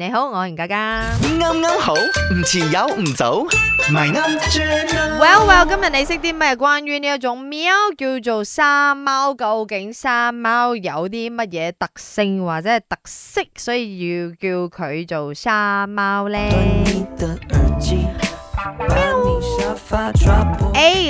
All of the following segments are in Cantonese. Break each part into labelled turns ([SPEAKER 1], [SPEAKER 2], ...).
[SPEAKER 1] 你好，我係家家。啱啱好，唔遲又唔早。Well well，今日你識啲咩關於呢一種貓叫做沙貓？究竟沙貓有啲乜嘢特性或者係特色，所以要叫佢做沙貓咧？誒，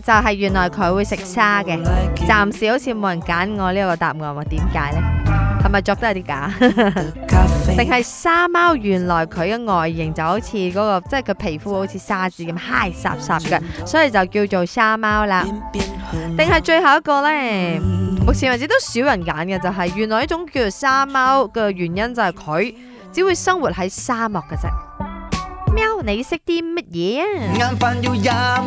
[SPEAKER 1] 就係原來佢會食沙嘅。暫時好似冇人揀我呢個答案喎，點解呢？係咪做得有啲假，定 係沙貓？原來佢嘅外形就好似嗰、嗰個，即係佢皮膚好似沙子咁，嗨濕濕嘅，所以就叫做沙貓啦。定係最後一個咧？目前為止都少人揀嘅，就係、是、原來一種叫做沙貓嘅原因就係佢只會生活喺沙漠嘅啫。喵，你識啲乜嘢
[SPEAKER 2] 啊？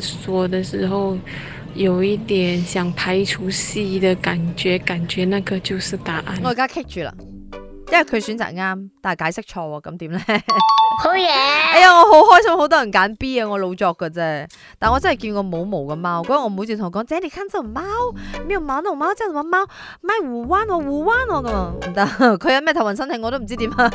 [SPEAKER 2] 說的時候，有一點想排除 C 的感覺，感覺那個就是答案。我而家卡住啦，因為佢選擇啱，但係解釋錯喎，咁點呢？
[SPEAKER 1] 好嘢！哎呀，我好開心，好多人揀 B 啊，我老作噶啫。但我真係見過冇毛嘅貓，嗰日我每次同佢講，姐你坤做貓，咩馬龍貓，真係話貓，咪湖灣我湖灣我咁，唔得，佢有咩頭暈身體我都唔知點啊。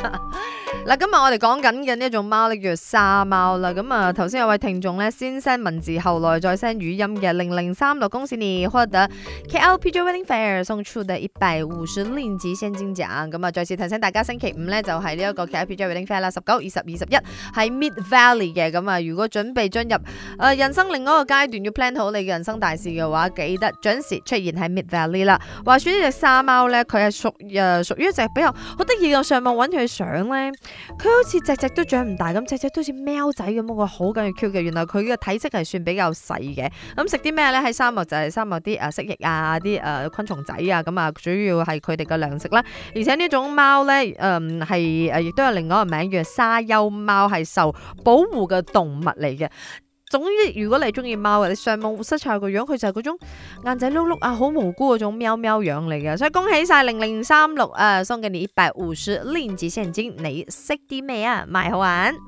[SPEAKER 1] 嗱，今日我哋講緊嘅呢種貓咧叫做沙貓啦。咁啊，頭先有位聽眾咧先 send 文字，後來再 send 語音嘅零零三六恭喜你，獲得 KLPJ Wedding Fair 送出的一百五十零吉現金獎。咁啊，再次提醒大家，星期五咧就係呢一個 KLPJ Wedding Fair 啦，十九、二十、二十一喺 Mid Valley 嘅。咁啊，如果準備進入誒、呃、人生另外一個階段，要 plan 好你嘅人生大事嘅話，記得準時出現喺 Mid Valley 啦。話說隻貓呢隻沙貓咧，佢係屬誒屬於一隻比較好得意嘅，上網搵佢相咧。佢好似隻隻都長唔大咁，隻隻都似喵仔咁個，好緊要。Q 嘅。原來佢嘅體積係算比較細嘅。咁食啲咩咧？喺沙漠就係、是、沙漠啲誒蜥蜴啊，啲誒昆蟲仔啊。咁啊，啊，主要係佢哋嘅糧食啦。而且這種貓呢種貓咧，誒係誒亦都有另外一個名，叫沙丘貓，係受保護嘅動物嚟嘅。總之，如果你中意貓嘅，你上網搜查個樣，佢就係嗰種眼仔碌碌啊，好無辜嗰種喵喵樣嚟嘅，所以恭喜晒零零三六啊，送給你一百五十零級現金，你識啲咩啊，賣好玩！